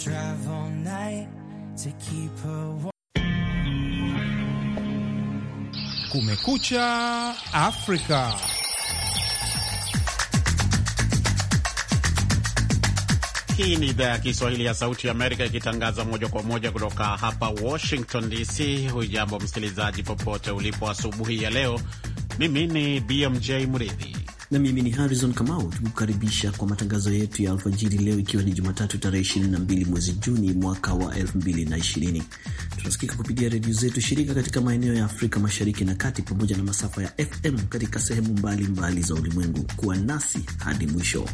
drive all night to keep her Kumekucha Afrika. Hii ni idhaa ya Kiswahili ya Sauti ya Amerika ikitangaza moja kwa moja kutoka hapa Washington DC. Hujambo msikilizaji, popote ulipo asubuhi ya leo. Mimi ni BMJ Mridhi na mimi ni Harrison Kamau, tukukaribisha kwa matangazo yetu ya alfajiri leo, ikiwa ni Jumatatu tarehe 22 mwezi Juni mwaka wa 2020. Tunasikika kupitia redio zetu shirika katika maeneo ya Afrika Mashariki na Kati, pamoja na masafa ya FM katika sehemu mbalimbali mbali za ulimwengu. Kuwa nasi hadi mwisho.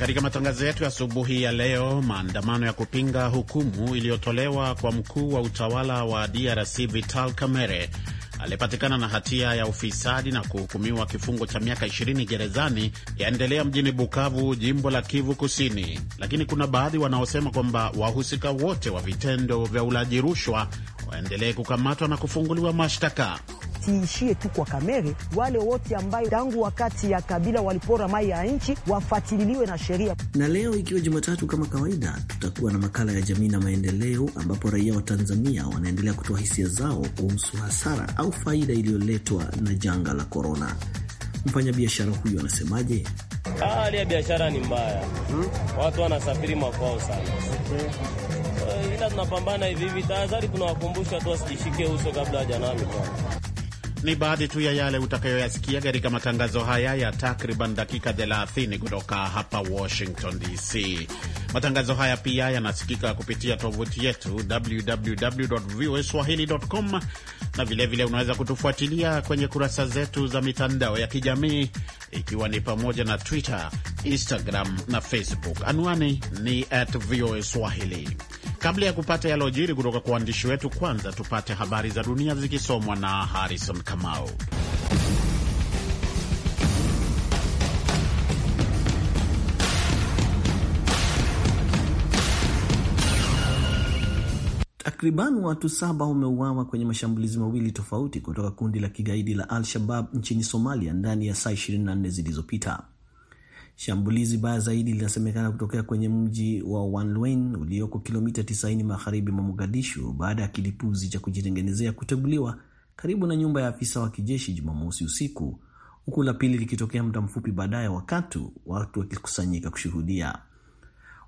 Katika matangazo yetu ya asubuhi ya leo, maandamano ya kupinga hukumu iliyotolewa kwa mkuu wa utawala wa DRC Vital Kamerhe aliyepatikana na hatia ya ufisadi na kuhukumiwa kifungo cha miaka 20 gerezani yaendelea mjini Bukavu, jimbo la Kivu Kusini, lakini kuna baadhi wanaosema kwamba wahusika wote wa vitendo vya ulaji rushwa waendelee kukamatwa na kufunguliwa mashtaka siishie tu kwa Kamere, wale wote ambayo tangu wakati ya Kabila walipora mai ya nchi wafatililiwe na sheria. Na leo ikiwa Jumatatu kama kawaida, tutakuwa na makala ya jamii na maendeleo, ambapo raia wa Tanzania wanaendelea kutoa hisia zao kuhusu hasara au faida iliyoletwa na janga la korona. Mfanyabiashara huyu anasemaje? Ah, hali ya biashara ni mbaya hmm? Watu wanasafiri makwao sana okay. Uh, Ila tunapambana hivi hivi, tahadhari tunawakumbusha tu wasijishike uso kabla mikono. Ni baadhi tu ya yale utakayoyasikia katika matangazo haya ya takriban dakika 30 kutoka hapa Washington DC. Matangazo haya pia yanasikika kupitia tovuti yetu www.voaswahili.com, na vilevile vile unaweza kutufuatilia kwenye kurasa zetu za mitandao ya kijamii ikiwa ni pamoja na Twitter, Instagram na Facebook. Anwani ni at VOA Swahili. Kabla ya kupata yalojiri kutoka kwa waandishi wetu, kwanza tupate habari za dunia zikisomwa na Harrison Kamau. Takriban watu saba wameuawa kwenye mashambulizi mawili tofauti kutoka kundi la kigaidi la Al-Shabab nchini Somalia ndani ya saa 24 zilizopita. Shambulizi baya zaidi linasemekana kutokea kwenye mji wa Wanlwen ulioko kilomita 90 magharibi mwa Mogadishu baada ya kilipuzi cha kujitengenezea kuteguliwa karibu na nyumba ya afisa wa kijeshi Jumamosi usiku, huku la pili likitokea muda mfupi baadaye, wakati watu wakikusanyika kushuhudia.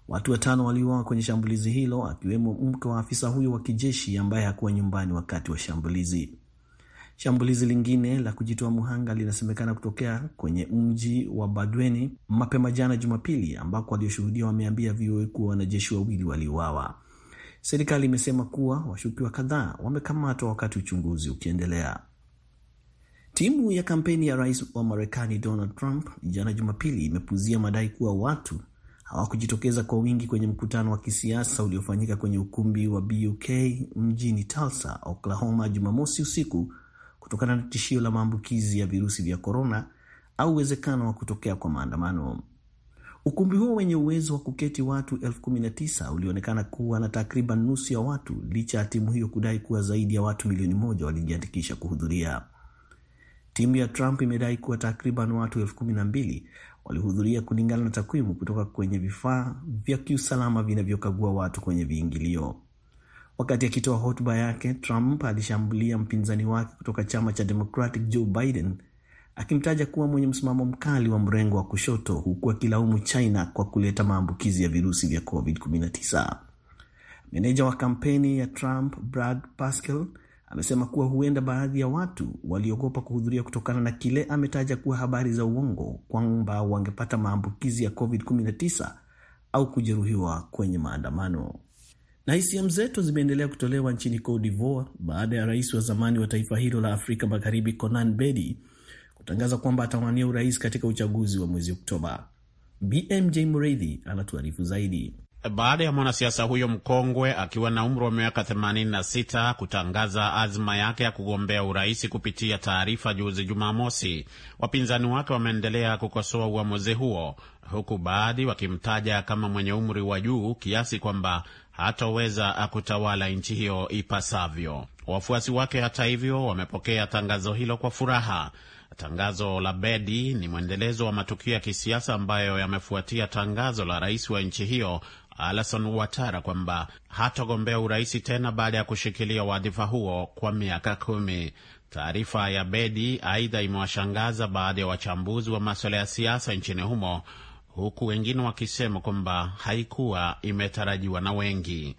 Watu watano waliuawa kwenye shambulizi hilo, akiwemo mke wa afisa huyo wa kijeshi ambaye hakuwa nyumbani wakati wa shambulizi. Shambulizi lingine la kujitoa muhanga linasemekana kutokea kwenye mji wa Badweni mapema jana Jumapili, ambako walioshuhudia wameambia VOA kuwa wanajeshi wawili waliuawa. Serikali imesema kuwa washukiwa kadhaa wamekamatwa wakati uchunguzi ukiendelea. Timu ya kampeni ya rais wa Marekani Donald Trump jana Jumapili imepuzia madai kuwa watu hawakujitokeza kwa wingi kwenye mkutano wa kisiasa uliofanyika kwenye ukumbi wa BUK mjini Tulsa, Oklahoma, Jumamosi usiku kutokana na tishio la maambukizi ya virusi vya korona au uwezekano wa kutokea kwa maandamano. Ukumbi huo wenye uwezo wa kuketi watu elfu 19 ulionekana kuwa na takriban nusu ya watu, licha ya timu hiyo kudai kuwa zaidi ya watu milioni moja walijiandikisha kuhudhuria. Timu ya Trump imedai kuwa takriban watu elfu kumi na mbili walihudhuria kulingana na takwimu kutoka kwenye vifaa vya kiusalama vinavyokagua watu kwenye viingilio. Wakati akitoa hotuba yake, Trump alishambulia mpinzani wake kutoka chama cha Democratic Joe Biden, akimtaja kuwa mwenye msimamo mkali wa mrengo wa kushoto, huku akilaumu China kwa kuleta maambukizi ya virusi vya COVID-19. Meneja wa kampeni ya Trump Brad Pascal amesema kuwa huenda baadhi ya watu waliogopa kuhudhuria kutokana na kile ametaja kuwa habari za uongo kwamba wangepata maambukizi ya COVID-19 au kujeruhiwa kwenye maandamano. Na hisia zetu zimeendelea kutolewa nchini Cote d'Ivoire baada ya rais wa zamani wa taifa hilo la Afrika Magharibi Conan Bedi kutangaza kwamba atawania urais katika uchaguzi wa mwezi Oktoba. BMJ Mreithi anatuarifu zaidi. Baada ya mwanasiasa huyo mkongwe akiwa na umri wa miaka 86 kutangaza azma yake ya kugombea urais kupitia taarifa juzi Jumamosi, wapinzani wake wameendelea kukosoa uamuzi huo, huku baadhi wakimtaja kama mwenye umri wa juu kiasi kwamba hatoweza kutawala nchi hiyo ipasavyo. Wafuasi wake, hata hivyo, wamepokea tangazo hilo kwa furaha. Tangazo la Bedi ni mwendelezo wa matukio ya kisiasa ambayo yamefuatia tangazo la rais wa nchi hiyo Alasan Watara kwamba hatogombea urais tena baada ya kushikilia wadhifa huo kwa miaka kumi. Taarifa ya Bedi aidha imewashangaza baadhi ya wachambuzi wa maswala ya siasa nchini humo huku wengine wakisema kwamba haikuwa imetarajiwa na wengi.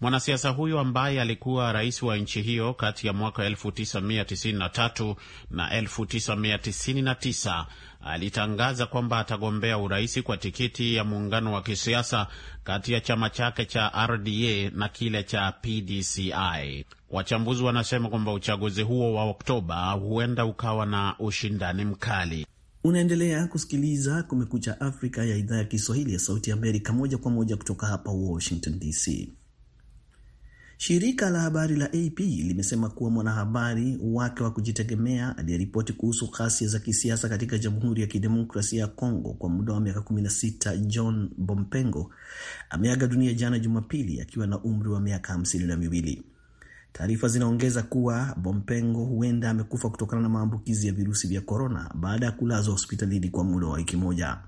Mwanasiasa huyo ambaye alikuwa rais wa nchi hiyo kati ya mwaka 1993 na 1999 alitangaza kwamba atagombea urais kwa tikiti ya muungano wa kisiasa kati ya chama chake cha RDA na kile cha PDCI. Wachambuzi wanasema kwamba uchaguzi huo wa Oktoba huenda ukawa na ushindani mkali. Unaendelea kusikiliza Kumekucha Afrika ya idhaa ya Kiswahili ya Sauti Amerika, moja kwa moja kutoka hapa Washington DC. Shirika la habari la AP limesema kuwa mwanahabari wake wa kujitegemea aliyeripoti kuhusu ghasia za kisiasa katika Jamhuri ya Kidemokrasia ya Kongo kwa muda wa miaka 16 John Bompengo ameaga dunia jana Jumapili akiwa na umri wa miaka hamsini na miwili. Taarifa zinaongeza kuwa Bompengo huenda amekufa kutokana na maambukizi ya virusi vya korona baada ya kulazwa hospitalini kwa muda wa wiki moja.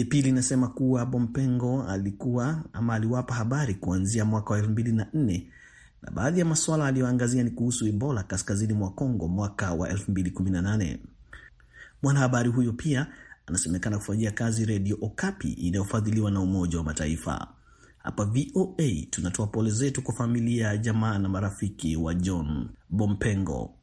AP linasema kuwa Bompengo alikuwa ama aliwapa habari kuanzia mwaka wa 2004 na baadhi ya masuala aliyoangazia ni kuhusu Ebola kaskazini mwa congo mwaka wa 2018. Mwanahabari huyo pia anasemekana kufanyia kazi redio Okapi inayofadhiliwa na Umoja wa Mataifa. Hapa VOA tunatoa pole zetu kwa familia, jamaa na marafiki wa John Bompengo.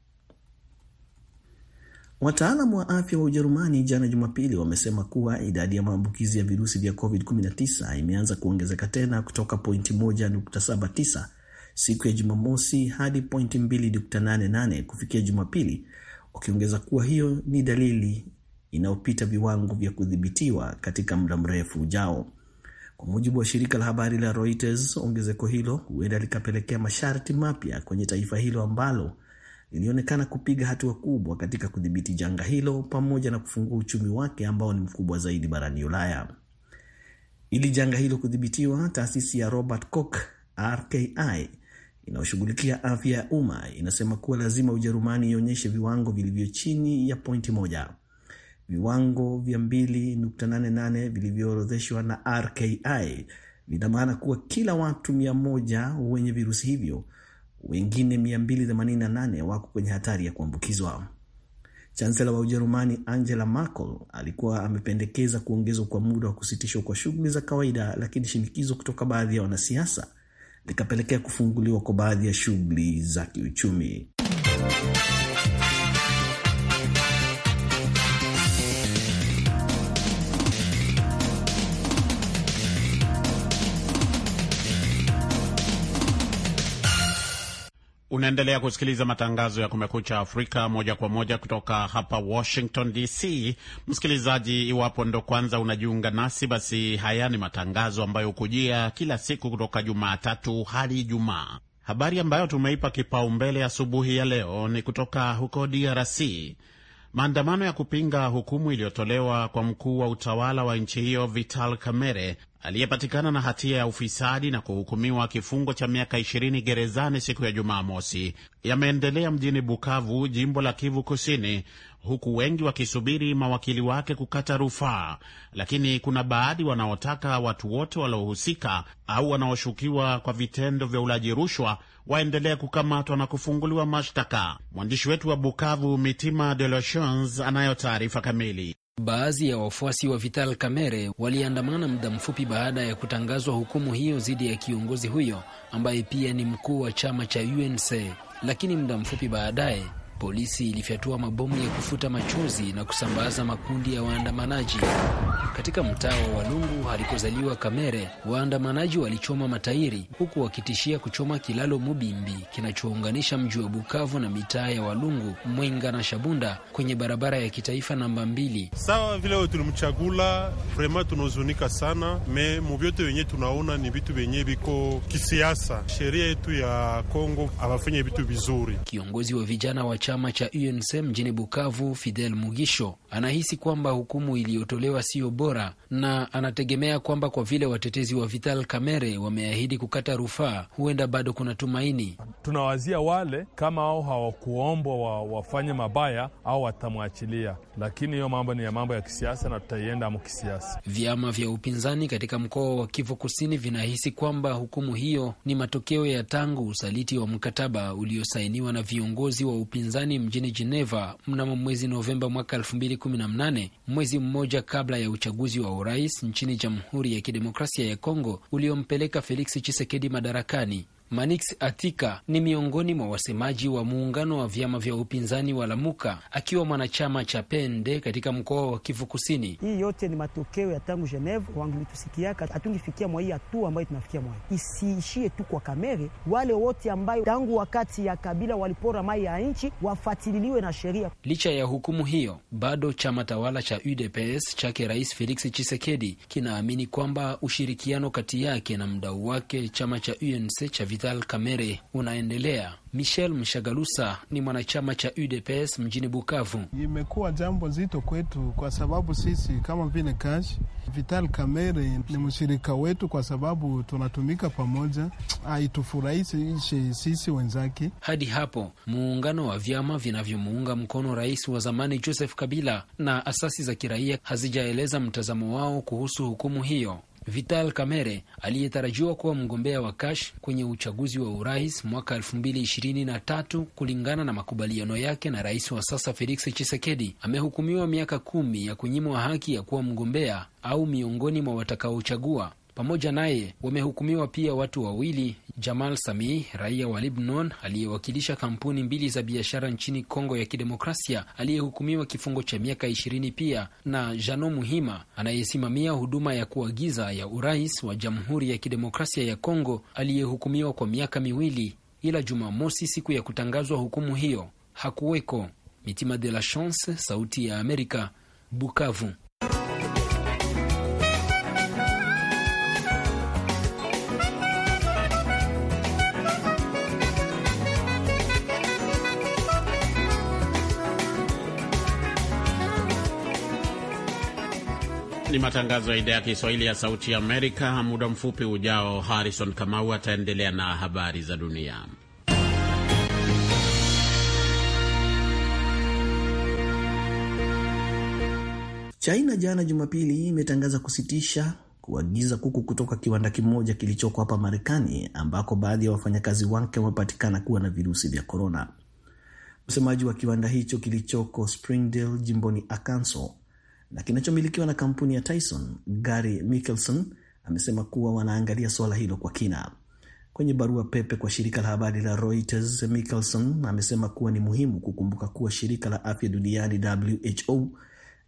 Wataalamu wa afya wa Ujerumani jana Jumapili wamesema kuwa idadi ya maambukizi ya virusi vya COVID-19 imeanza kuongezeka tena kutoka pointi 1.79 siku ya Jumamosi hadi pointi 2.88 kufikia Jumapili, wakiongeza kuwa hiyo ni dalili inayopita viwango vya kudhibitiwa katika muda mrefu ujao. Kwa mujibu wa shirika la habari la Reuters, ongezeko hilo huenda likapelekea masharti mapya kwenye taifa hilo ambalo lilionekana kupiga hatua kubwa katika kudhibiti janga hilo pamoja na kufungua uchumi wake ambao ni mkubwa zaidi barani Ulaya. Ili janga hilo kudhibitiwa, taasisi ya Robert Koch RKI inayoshughulikia afya ya umma inasema kuwa lazima Ujerumani ionyeshe viwango vilivyo chini ya pointi moja. Viwango vya 2.88 vilivyoorodheshwa na RKI vina maana kuwa kila watu 100 wenye virusi hivyo, wengine 288 wako kwenye hatari ya kuambukizwa. Chansela wa Ujerumani Angela Merkel alikuwa amependekeza kuongezwa kwa muda wa kusitishwa kwa shughuli za kawaida, lakini shinikizo kutoka baadhi ya wanasiasa likapelekea kufunguliwa kwa baadhi ya shughuli za kiuchumi. Unaendelea kusikiliza matangazo ya Kumekucha Afrika moja kwa moja kutoka hapa Washington DC. Msikilizaji, iwapo ndo kwanza unajiunga nasi, basi haya ni matangazo ambayo hukujia kila siku kutoka Jumatatu hadi Ijumaa. Habari ambayo tumeipa kipaumbele asubuhi ya, ya leo ni kutoka huko DRC Maandamano ya kupinga hukumu iliyotolewa kwa mkuu wa utawala wa nchi hiyo Vital Kamerhe aliyepatikana na hatia ya ufisadi na kuhukumiwa kifungo cha miaka 20 gerezani siku ya Jumamosi yameendelea mjini Bukavu, jimbo la Kivu Kusini, huku wengi wakisubiri mawakili wake kukata rufaa, lakini kuna baadhi wanaotaka watu wote waliohusika au wanaoshukiwa kwa vitendo vya ulaji rushwa waendelee kukamatwa na kufunguliwa mashtaka. Mwandishi wetu wa Bukavu, Mitima De Lachans, anayo taarifa kamili. Baadhi ya wafuasi wa Vital Kamerhe waliandamana muda mfupi baada ya kutangazwa hukumu hiyo dhidi ya kiongozi huyo ambaye pia ni mkuu wa chama cha UNC, lakini muda mfupi baadaye polisi ilifyatua mabomu ya kufuta machozi na kusambaza makundi ya waandamanaji katika mtaa wa Walungu alikozaliwa Kamere. Waandamanaji walichoma matairi huku wakitishia kuchoma kilalo Mubimbi kinachounganisha mji wa Bukavu na mitaa ya Walungu, Mwenga na Shabunda kwenye barabara ya kitaifa namba mbili. Sawa vile tulimchagula vrema, tunahuzunika sana me muvyote wenye tunaona ni vitu vyenye viko kisiasa. Sheria yetu ya Kongo hawafanyi vitu vizuri. Kiongozi wa vijana wa chama cha UNC mjini Bukavu, Fidel Mugisho anahisi kwamba hukumu iliyotolewa siyo bora na anategemea kwamba kwa vile watetezi wa Vital Kamerhe wameahidi kukata rufaa, huenda bado kuna tumaini. Tunawazia wale kama ao hawakuombwa wa, wafanye mabaya au watamwachilia, lakini hiyo mambo ni ya mambo ya kisiasa na tutaienda kisiasa Vyama vya upinzani katika mkoa wa Kivu Kusini vinahisi kwamba hukumu hiyo ni matokeo ya tangu usaliti wa mkataba uliosainiwa na viongozi wa upinzani upinzani mjini Geneva mnamo mwezi Novemba mwaka 2018, mwezi mmoja kabla ya uchaguzi wa urais nchini Jamhuri ya Kidemokrasia ya Kongo uliompeleka Felix chisekedi madarakani. Manix Atika ni miongoni mwa wasemaji wa muungano wa vyama vya upinzani wa Lamuka, akiwa mwanachama cha Pende katika mkoa wa Kivu Kusini. Hii yote ni matokeo ya tangu Geneva wangelitusikiaka, hatungifikia mwa hii hatua ambayo tunafikia mwa isiishie tu kwa kamere. Wale wote ambayo tangu wakati ya Kabila walipora mai ya nchi wafatililiwe na sheria. Licha ya hukumu hiyo, bado chama tawala cha UDPS chake Rais Felix Chisekedi kinaamini kwamba ushirikiano kati yake na mdau wake chama cha UNC cha Vital Kamere unaendelea. Michel Mshagalusa ni mwanachama cha UDPS mjini Bukavu. Imekuwa jambo zito kwetu kwa sababu sisi kama vile kash Vital camere ni mshirika wetu, kwa sababu tunatumika pamoja, haitufurahishi sisi wenzake. Hadi hapo muungano wa vyama vinavyomuunga mkono rais wa zamani Joseph Kabila na asasi za kiraia hazijaeleza mtazamo wao kuhusu hukumu hiyo. Vital Kamerhe aliyetarajiwa kuwa mgombea wa Kash kwenye uchaguzi wa urais mwaka 2023 kulingana na makubaliano yake na rais wa sasa Felix chisekedi amehukumiwa miaka kumi ya kunyimwa haki ya kuwa mgombea au miongoni mwa watakaochagua pamoja naye wamehukumiwa pia watu wawili, Jamal Sami, raia wa libnon aliyewakilisha kampuni mbili za biashara nchini Kongo ya Kidemokrasia, aliyehukumiwa kifungo cha miaka ishirini pia na Jano Muhima anayesimamia huduma ya kuagiza ya urais wa Jamhuri ya Kidemokrasia ya Kongo aliyehukumiwa kwa miaka miwili, ila Jumamosi, siku ya kutangazwa hukumu hiyo, hakuweko. Mitima de la Chance, Sauti ya Amerika, Bukavu. Ni matangazo ya idhaa ya Kiswahili ya Sauti Amerika. Muda mfupi ujao, Harrison Kamau ataendelea na habari za dunia. China jana Jumapili imetangaza kusitisha kuagiza kuku kutoka kiwanda kimoja kilichoko hapa Marekani ambako baadhi ya wafanyakazi wake wamepatikana kuwa na virusi vya korona. Msemaji wa kiwanda hicho kilichoko Springdale jimboni Arkansas na kinachomilikiwa na kampuni ya Tyson, Gary Mickelson amesema kuwa wanaangalia suala hilo kwa kina. Kwenye barua pepe kwa shirika la habari la Reuters, Mickelson amesema kuwa ni muhimu kukumbuka kuwa shirika la afya duniani WHO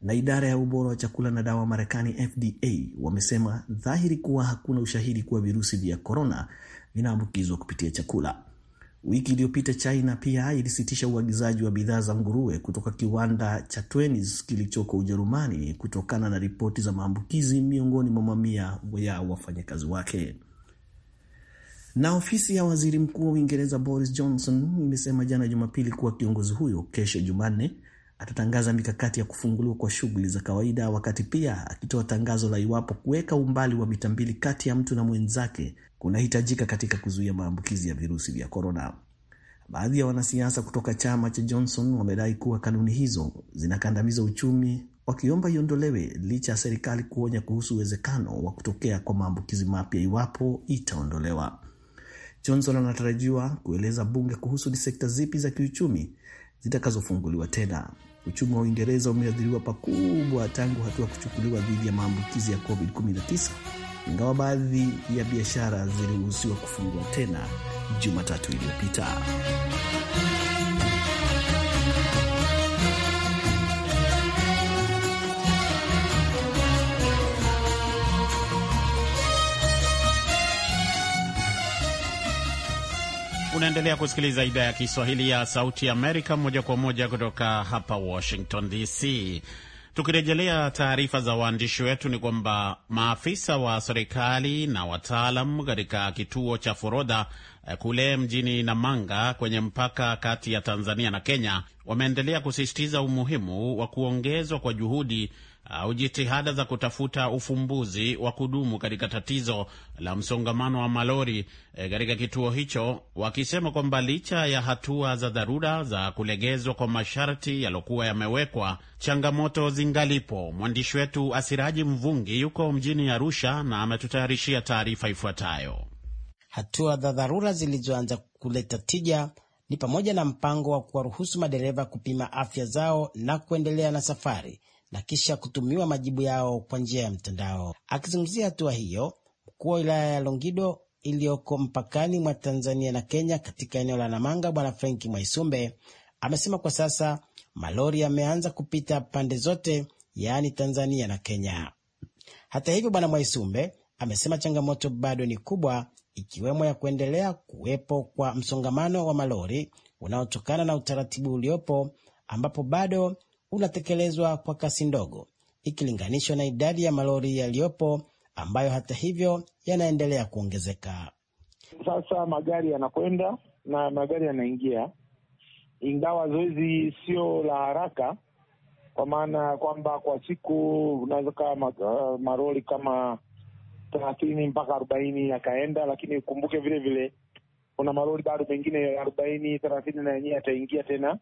na idara ya ubora wa chakula na dawa Marekani FDA wamesema dhahiri kuwa hakuna ushahidi kuwa virusi vya korona vinaambukizwa kupitia chakula. Wiki iliyopita China pia ilisitisha uagizaji wa bidhaa za nguruwe kutoka kiwanda cha Twenis kilichoko Ujerumani kutokana na ripoti za maambukizi miongoni mwa mamia ya wafanyakazi wake. Na ofisi ya waziri mkuu wa Uingereza Boris Johnson imesema jana Jumapili kuwa kiongozi huyo kesho Jumanne atatangaza mikakati ya kufunguliwa kwa shughuli za kawaida, wakati pia akitoa tangazo la iwapo kuweka umbali wa mita mbili kati ya mtu na mwenzake kunahitajika katika kuzuia maambukizi ya virusi vya korona. Baadhi ya wanasiasa kutoka chama cha Johnson wamedai kuwa kanuni hizo zinakandamiza uchumi, wakiomba iondolewe licha ya serikali kuonya kuhusu uwezekano wa kutokea kwa maambukizi mapya iwapo itaondolewa. Johnson anatarajiwa kueleza bunge kuhusu ni sekta zipi za kiuchumi zitakazofunguliwa tena. Uchumi wa Uingereza umeathiriwa pakubwa tangu hatua kuchukuliwa dhidi ya maambukizi ya COVID-19, ingawa baadhi ya biashara ziliruhusiwa kufungua tena Jumatatu iliyopita. Unaendelea kusikiliza idhaa ya Kiswahili ya Sauti Amerika moja kwa moja kutoka hapa Washington DC. Tukirejelea taarifa za waandishi wetu ni kwamba maafisa wa serikali na wataalam katika kituo cha forodha eh, kule mjini Namanga kwenye mpaka kati ya Tanzania na Kenya wameendelea kusisitiza umuhimu wa kuongezwa kwa juhudi au jitihada za kutafuta ufumbuzi wa kudumu katika tatizo la msongamano wa malori e, katika kituo hicho, wakisema kwamba licha ya hatua za dharura za kulegezwa kwa masharti yaliokuwa yamewekwa, changamoto zingalipo. Mwandishi wetu Asiraji Mvungi yuko mjini Arusha na ametutayarishia taarifa ifuatayo. Hatua za dharura zilizoanza kuleta tija ni pamoja na mpango wa kuwaruhusu madereva kupima afya zao na kuendelea na safari na kisha kutumiwa majibu yao kwa njia ya mtandao. Akizungumzia hatua hiyo, mkuu wa wilaya ya Longido iliyoko mpakani mwa Tanzania na Kenya katika eneo la Namanga, Bwana Frenki Mwaisumbe amesema kwa sasa malori yameanza kupita pande zote, yaani Tanzania na Kenya. Hata hivyo, Bwana Mwaisumbe amesema changamoto bado ni kubwa, ikiwemo ya kuendelea kuwepo kwa msongamano wa malori unaotokana na utaratibu uliopo ambapo bado unatekelezwa kwa kasi ndogo ikilinganishwa na idadi ya malori yaliyopo ambayo hata hivyo yanaendelea kuongezeka. Sasa magari yanakwenda na magari yanaingia, ingawa zoezi sio la haraka, kwa maana ya kwamba kwa siku unaweza kaa uh, maroli kama thelathini mpaka arobaini yakaenda, lakini ukumbuke vile vile kuna maroli bado mengine arobaini thelathini na yenyewe yataingia tena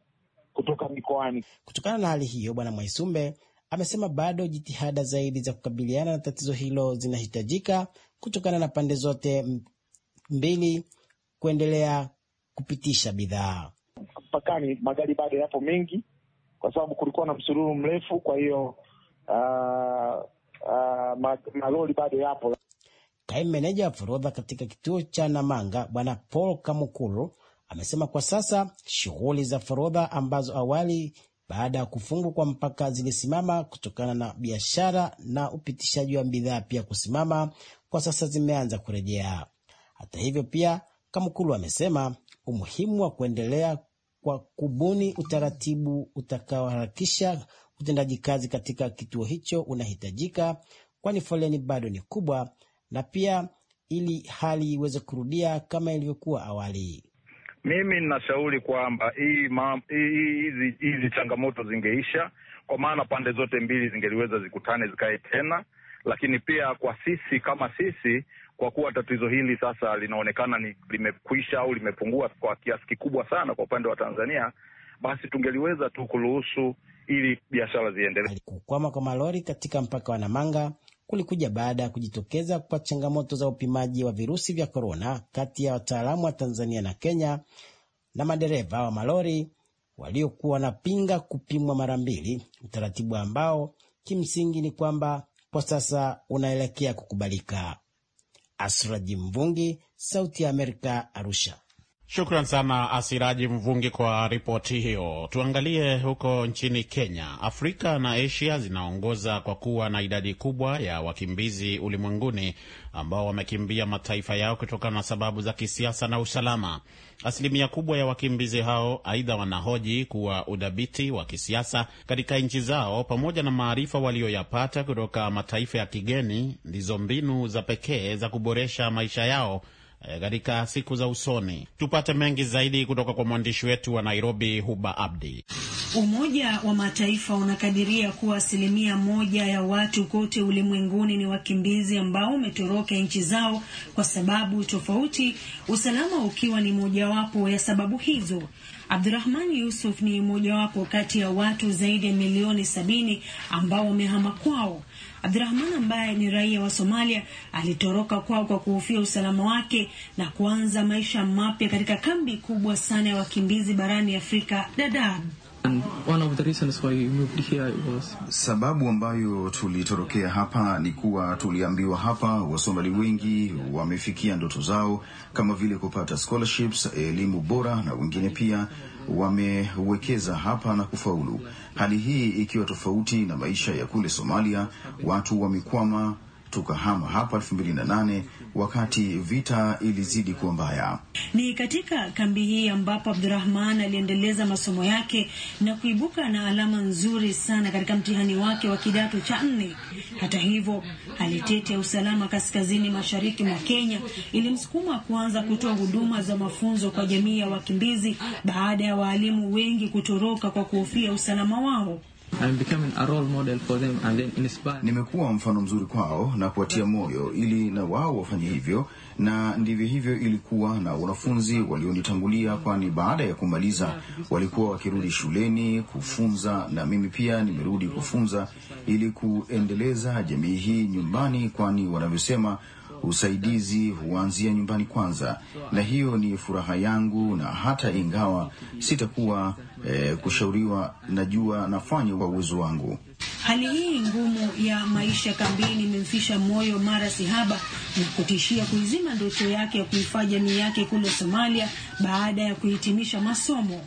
kutoka mikoani. Kutokana na hali hiyo, Bwana Mwaisumbe amesema bado jitihada zaidi za kukabiliana na tatizo hilo zinahitajika kutokana na pande zote mbili kuendelea kupitisha bidhaa mpakani. Magari bado yapo mengi, kwa sababu kulikuwa na msururu mrefu. Kwa hiyo uh, uh, malori bado yapo. Kaimu meneja wa forodha katika kituo cha Namanga, Bwana Paul Kamukulu Amesema kwa sasa shughuli za forodha ambazo awali baada ya kufungwa kwa mpaka zilisimama kutokana na biashara na upitishaji wa bidhaa pia kusimama, kwa sasa zimeanza kurejea. Hata hivyo, pia Kamukulu amesema umuhimu wa kuendelea kwa kubuni utaratibu utakaoharakisha utendaji kazi katika kituo hicho unahitajika, kwani foleni bado ni kubwa, na pia ili hali iweze kurudia kama ilivyokuwa awali. Mimi ninashauri kwamba hizi changamoto zingeisha, kwa maana pande zote mbili zingeliweza zikutane, zikae tena, lakini pia kwa sisi kama sisi, kwa kuwa tatizo hili sasa linaonekana ni limekwisha au limepungua kwa kiasi kikubwa sana kwa upande wa Tanzania, basi tungeliweza tu kuruhusu ili biashara ziendelee. Alikukwama kwa malori katika mpaka wa Namanga kulikuja baada ya kujitokeza kwa changamoto za upimaji wa virusi vya korona kati ya wataalamu wa Tanzania na Kenya na madereva wa malori waliokuwa wanapinga kupimwa mara mbili, utaratibu ambao kimsingi ni kwamba kwa sasa unaelekea kukubalika. Asraji Mvungi, Sauti ya Amerika, Arusha. Shukran sana Asiraji Mvungi kwa ripoti hiyo. Tuangalie huko nchini Kenya. Afrika na Asia zinaongoza kwa kuwa na idadi kubwa ya wakimbizi ulimwenguni ambao wamekimbia mataifa yao kutokana na sababu za kisiasa na usalama. Asilimia kubwa ya wakimbizi hao aidha wanahoji kuwa udhabiti wa kisiasa katika nchi zao pamoja na maarifa waliyoyapata kutoka mataifa ya kigeni ndizo mbinu za pekee za kuboresha maisha yao Eh, katika siku za usoni. Tupate mengi zaidi kutoka kwa mwandishi wetu wa Nairobi, Huba Abdi. Umoja wa Mataifa unakadiria kuwa asilimia moja ya watu kote ulimwenguni ni wakimbizi ambao umetoroka nchi zao kwa sababu tofauti, usalama ukiwa ni mojawapo ya sababu hizo. Abdurahman Yusuf ni mojawapo kati ya watu zaidi ya milioni sabini ambao wamehama kwao Abdurahman ambaye ni raia wa Somalia alitoroka kwao kwa kuhofia usalama wake na kuanza maisha mapya katika kambi kubwa sana ya wakimbizi barani Afrika, Dadaab. Was... sababu ambayo tulitorokea hapa ni kuwa tuliambiwa hapa Wasomali wengi wamefikia ndoto zao kama vile kupata scholarships, elimu bora na wengine pia wamewekeza hapa na kufaulu, hali hii ikiwa tofauti na maisha ya kule Somalia, watu wamekwama tukahama hapa elfu mbili na nane wakati vita ilizidi kuwa mbaya. Ni katika kambi hii ambapo Abdurahman aliendeleza masomo yake na kuibuka na alama nzuri sana katika mtihani wake wa kidato cha nne. Hata hivyo, hali tete ya usalama kaskazini mashariki mwa Kenya ilimsukuma kuanza kutoa huduma za mafunzo kwa jamii ya wakimbizi baada ya waalimu wengi kutoroka kwa kuhofia usalama wao. Nimekuwa mfano mzuri kwao na kuwatia moyo ili na wao wafanye hivyo, na ndivyo hivyo ilikuwa na wanafunzi walionitangulia, kwani baada ya kumaliza walikuwa wakirudi shuleni kufunza, na mimi pia nimerudi kufunza ili kuendeleza jamii hii nyumbani, kwani wanavyosema Usaidizi huanzia nyumbani kwanza, na hiyo ni furaha yangu, na hata ingawa sitakuwa e, kushauriwa, najua nafanya kwa uwezo wangu. Hali hii ngumu ya maisha kambini imemfisha moyo mara sihaba na kutishia kuizima ndoto yake ya kuifaa jamii yake kule Somalia baada ya kuhitimisha masomo.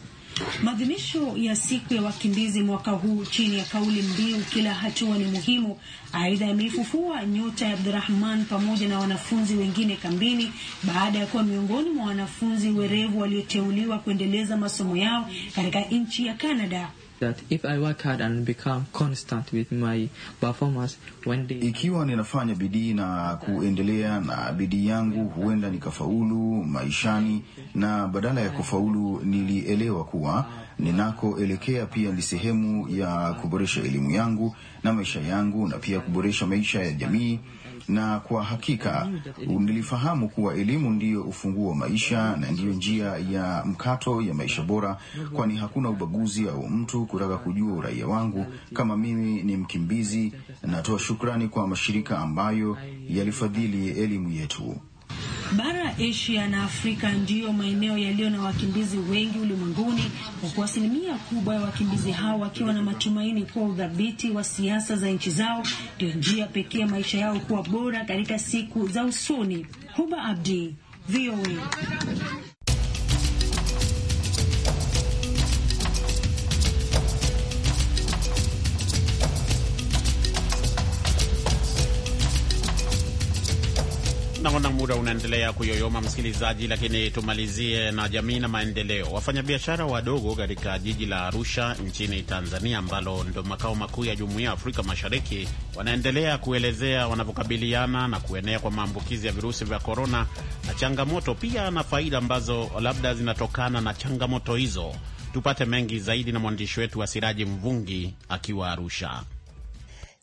Maadhimisho ya siku ya wakimbizi mwaka huu chini ya kauli mbiu kila hatua ni muhimu, aidha yameifufua nyota ya Abdurahman pamoja na wanafunzi wengine kambini baada ya kuwa miongoni mwa wanafunzi werevu walioteuliwa kuendeleza masomo yao katika nchi ya Kanada that if I work hard and become constant with my performance when they... ikiwa ninafanya bidii na kuendelea na bidii yangu, huenda nikafaulu maishani, na badala ya kufaulu nilielewa kuwa ninakoelekea pia ni sehemu ya kuboresha elimu yangu na maisha yangu na pia kuboresha maisha ya jamii na kwa hakika nilifahamu kuwa elimu ndiyo ufunguo wa maisha na ndiyo njia ya mkato ya maisha bora, kwani hakuna ubaguzi au mtu kutaka kujua uraia wangu kama mimi ni mkimbizi. Natoa shukrani kwa mashirika ambayo yalifadhili elimu yetu. Bara ya Asia na Afrika ndiyo maeneo yaliyo na wakimbizi wengi ulimwenguni, huku asilimia kubwa ya wakimbizi hao wakiwa na matumaini kuwa udhabiti wa siasa za nchi zao ndio njia pekee ya maisha yao kuwa bora katika siku za usoni. Huba Abdi, VOA. Naona muda unaendelea kuyoyoma, msikilizaji, lakini tumalizie na jamii na maendeleo. Wafanyabiashara wadogo katika jiji la Arusha nchini Tanzania, ambalo ndio makao makuu ya Jumuiya ya Afrika Mashariki, wanaendelea kuelezea wanavyokabiliana na kuenea kwa maambukizi ya virusi vya korona na changamoto pia na faida ambazo labda zinatokana na changamoto hizo. Tupate mengi zaidi na mwandishi wetu wa Siraji Mvungi akiwa Arusha.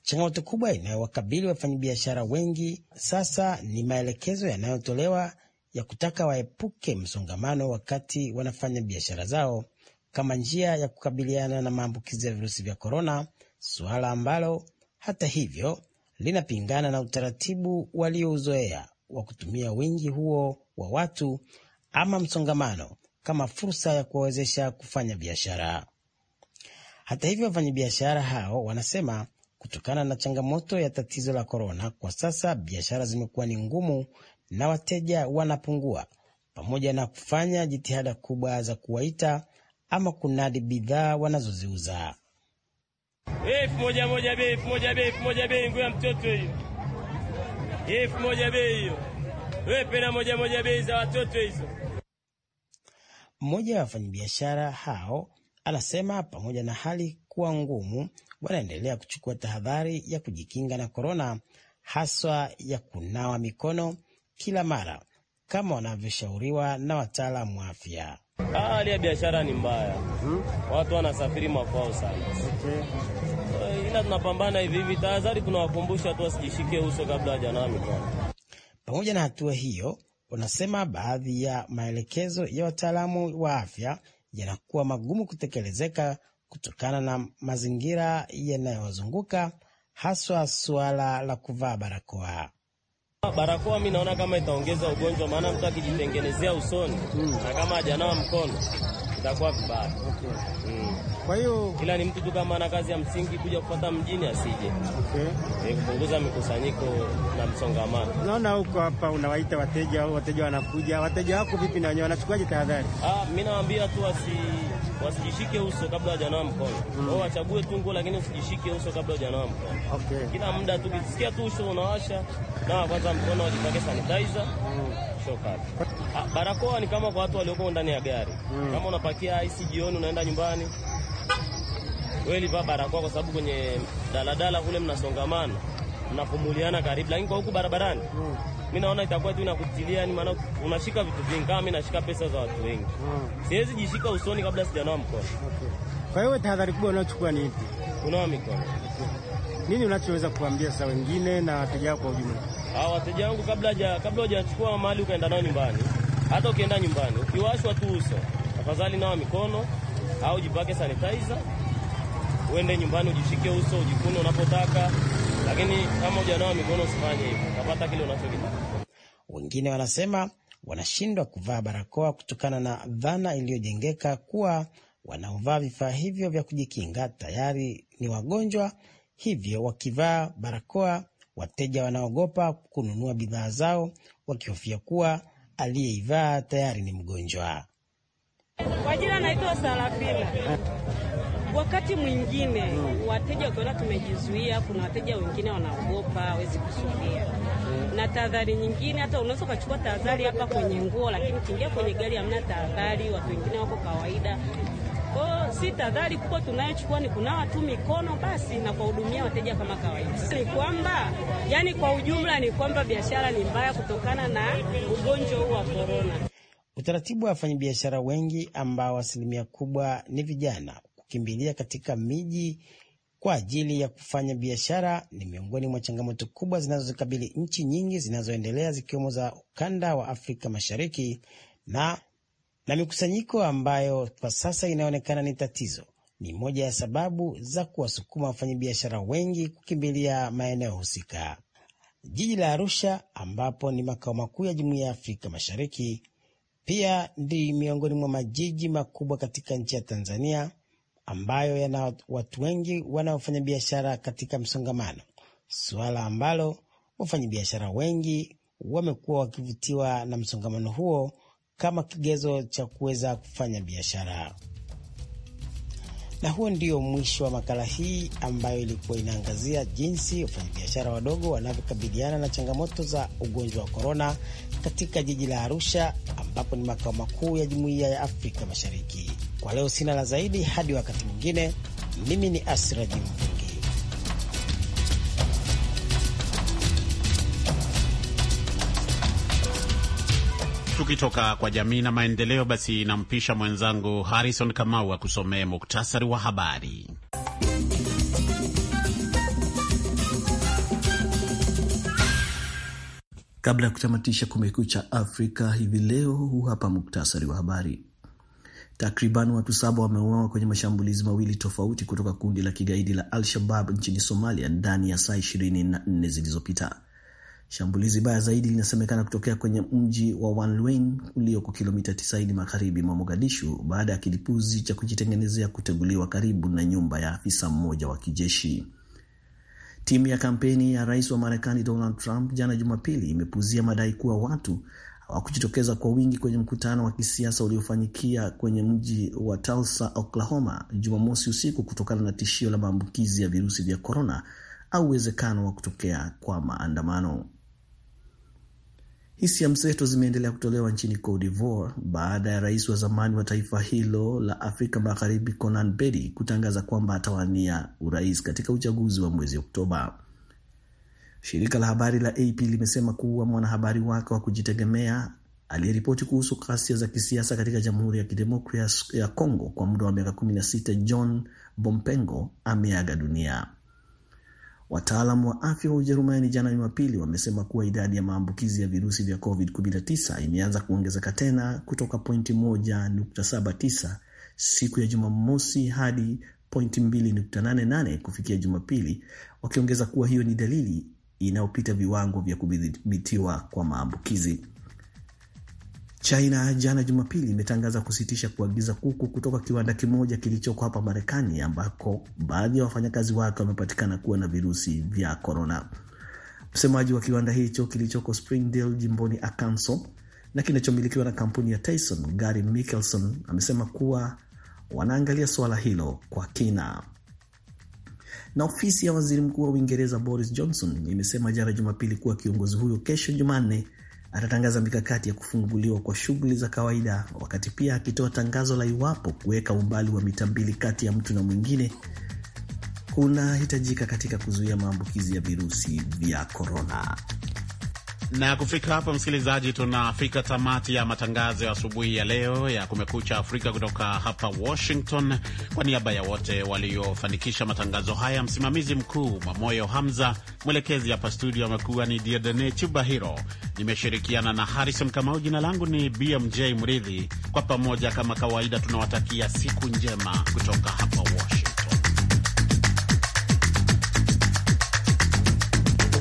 Changamoto kubwa inayowakabili wafanyabiashara wengi sasa ni maelekezo yanayotolewa ya kutaka waepuke msongamano wakati wanafanya biashara zao kama njia ya kukabiliana na maambukizi ya virusi vya korona, suala ambalo hata hivyo linapingana na utaratibu waliouzoea wa kutumia wingi huo wa watu ama msongamano kama fursa ya kuwawezesha kufanya biashara. Hata hivyo, wafanyabiashara hao wanasema Kutokana na changamoto ya tatizo la korona, kwa sasa biashara zimekuwa ni ngumu na wateja wanapungua, pamoja na kufanya jitihada kubwa za kuwaita ama kunadi bidhaa wanazoziuza. Elfu moja moja bei, elfu moja bei, elfu moja bei, nguo ya mtoto hiyo, elfu moja bei hiyo, wewe pena moja moja bei za watoto hizo. Mmoja wa wafanyabiashara hao anasema pamoja na hali kuwa ngumu, wanaendelea kuchukua tahadhari ya kujikinga na korona, haswa ya kunawa mikono kila mara kama wanavyoshauriwa na wataalamu wa afya. Ah, hali ya biashara ni mbaya hmm? Watu wanasafiri makwao sana okay. Eh, ila tunapambana hivi hivi, tahadhari tunawakumbusha tu wasijishike uso kabla hajanawa mikono. Pamoja na hatua hiyo, wanasema baadhi ya maelekezo ya wataalamu wa afya yanakuwa magumu kutekelezeka kutokana na mazingira yanayowazunguka haswa suala la kuvaa barakoa. Barakoa mi naona kama itaongeza ugonjwa, maana mtu akijitengenezea usoni hmm, na kama hajanawa mkono itakuwa vibaya okay. Hmm. kwa hiyo ila ni mtu tu kama ana kazi ya msingi kuja kupata mjini asije okay. Eh, kupunguza mikusanyiko na msongamano. Naona huko hapa unawaita wateja au wateja wanakuja, wateja wako vipi na wenyewe wanachukuaje tahadhari? Ah, mi nawaambia tu wasi wasijishike uso kabla hajanawa mkono mm. Wao wachague tu nguo, lakini usijishike uso kabla hajanawa mkono okay. Kila muda tu kisikia tu uso unawasha, nawa kwanza mkono, wajipake sanitizer mm. Shoka ah, barakoa ni kama kwa watu walioko ndani ya gari mm. Kama unapakia ice jioni unaenda nyumbani wewe livaa barakoa, kwa sababu kwenye daladala kule mnasongamana mnafumbuliana karibu, lakini kwa huku barabarani mm. mi naona itakuwa tu inakutilia ni maana unashika vitu vingi, kama mi nashika pesa za watu wengi mm. siwezi jishika usoni kabla sijanawa mkono okay. Kwa hiyo tahadhari kubwa unaochukua ni ipi? Kunawa mikono. okay. Nini unachoweza kuambia sasa wengine na wateja wako kwa ujumla? Ah, wateja wangu, kabla ja, kabla hujachukua mali ukaenda nao nyumbani, hata ukienda nyumbani ukiwashwa tu uso, tafadhali nawa mikono au jipake sanitizer, uende nyumbani ujishike uso, ujikune unapotaka lakini kama hujanawa mikono usifanye hivyo, utapata kile unachokitaka. Wengine wanasema wanashindwa kuvaa barakoa kutokana na dhana iliyojengeka kuwa wanaovaa vifaa hivyo vya kujikinga tayari ni wagonjwa, hivyo wakivaa barakoa wateja wanaogopa kununua bidhaa zao wakihofia kuwa aliyeivaa tayari ni mgonjwa. Kwa jina naitwa Sarafila. Wakati mwingine wateja wakiona tumejizuia, kuna wateja wengine wanaogopa, hawezi kusogea mm. na tahadhari nyingine, hata unaweza ukachukua tahadhari hapa kwenye nguo, lakini ukiingia kwenye gari hamna tahadhari, watu wengine wako kawaida. Kwa si tahadhari kubwa tunayochukua ni kunawa tu mikono basi na kuwahudumia wateja kama kawaida. Ni kwamba yani, kwa ujumla ni kwamba biashara ni mbaya kutokana na ugonjwa huu wa korona. Utaratibu wa wafanyabiashara wengi ambao asilimia kubwa ni vijana kukimbilia katika miji kwa ajili ya kufanya biashara ni miongoni mwa changamoto kubwa zinazozikabili nchi nyingi zinazoendelea zikiwemo za ukanda wa Afrika Mashariki na, na mikusanyiko ambayo kwa sasa inaonekana ni tatizo ni moja ya sababu za kuwasukuma wafanyabiashara wengi kukimbilia maeneo husika. Jiji la Arusha ambapo ni makao makuu ya Jumuiya ya Afrika Mashariki pia ndi miongoni mwa majiji makubwa katika nchi ya Tanzania ambayo yana watu wengi wanaofanya biashara katika msongamano, suala ambalo wafanyabiashara wengi wamekuwa wakivutiwa na msongamano huo kama kigezo cha kuweza kufanya biashara. Na huo ndio mwisho wa makala hii ambayo ilikuwa inaangazia jinsi wafanyabiashara wadogo wanavyokabiliana na changamoto za ugonjwa wa korona katika jiji la Arusha, ambapo ni makao makuu ya Jumuiya ya Afrika Mashariki. Kwa leo sina la zaidi, hadi wakati mwingine. Mimi ni Asra Mvungi. Tukitoka kwa jamii na maendeleo, basi nampisha mwenzangu Harrison Kamau akusomee muktasari wa habari. Kabla ya kutamatisha Kumekucha Afrika hivi leo, huu hapa muktasari wa habari. Takriban watu saba wameuawa kwenye mashambulizi mawili tofauti kutoka kundi la kigaidi la Al-Shabab nchini Somalia ndani ya saa ishirini na nne zilizopita. Shambulizi baya zaidi linasemekana kutokea kwenye mji wa Wanlwein ulioko kilomita 90 magharibi mwa Mogadishu baada ya kilipuzi cha kujitengenezea kuteguliwa karibu na nyumba ya afisa mmoja wa kijeshi. Timu ya kampeni ya rais wa Marekani Donald Trump jana Jumapili imepuzia madai kuwa watu wakujitokeza kwa wingi kwenye mkutano wa kisiasa uliofanyikia kwenye mji wa Tulsa, Oklahoma, Jumamosi usiku kutokana na tishio la maambukizi ya virusi vya korona au uwezekano wa kutokea kwa maandamano. Hisia mseto zimeendelea kutolewa nchini Cote d'Ivoire baada ya rais wa zamani wa taifa hilo la Afrika Magharibi conan bedi kutangaza kwamba atawania urais katika uchaguzi wa mwezi Oktoba. Shirika la habari la AP limesema kuwa mwanahabari wake wa kujitegemea aliyeripoti kuhusu ghasia za kisiasa katika Jamhuri ya Kidemokrasia ya congo kwa muda wa miaka 16 John Bompengo ameaga dunia. Wataalam wa afya wa Ujerumani jana Jumapili wamesema kuwa idadi ya maambukizi ya virusi vya COVID-19 imeanza kuongezeka tena kutoka pointi 1.79 siku ya Jumamosi hadi pointi 2.88 kufikia Jumapili, wakiongeza kuwa hiyo ni dalili inayopita viwango vya kudhibitiwa kwa maambukizi. China jana Jumapili imetangaza kusitisha kuagiza kuku kutoka kiwanda kimoja kilichoko hapa Marekani, ambako baadhi ya wafanyakazi wake wamepatikana kuwa na virusi vya korona. Msemaji wa kiwanda hicho kilichoko Springdale jimboni Arkansas na kinachomilikiwa na kampuni ya Tyson, Gary Mickelson amesema kuwa wanaangalia suala hilo kwa kina na ofisi ya waziri mkuu wa Uingereza Boris Johnson imesema jana Jumapili kuwa kiongozi huyo kesho Jumanne atatangaza mikakati ya kufunguliwa kwa shughuli za kawaida, wakati pia akitoa tangazo la iwapo kuweka umbali wa mita mbili kati ya mtu na mwingine kunahitajika katika kuzuia maambukizi ya virusi vya korona. Na kufika hapa, msikilizaji, tunafika tamati ya matangazo ya asubuhi ya leo ya Kumekucha Afrika kutoka hapa Washington. Kwa niaba ya wote waliofanikisha matangazo haya, msimamizi mkuu Mwamoyo Hamza, mwelekezi hapa studio amekuwa ni Diedene Chubahiro, nimeshirikiana na Harrison Kamau. Jina langu ni BMJ Mridhi. Kwa pamoja, kama kawaida, tunawatakia siku njema kutoka hapa Washington.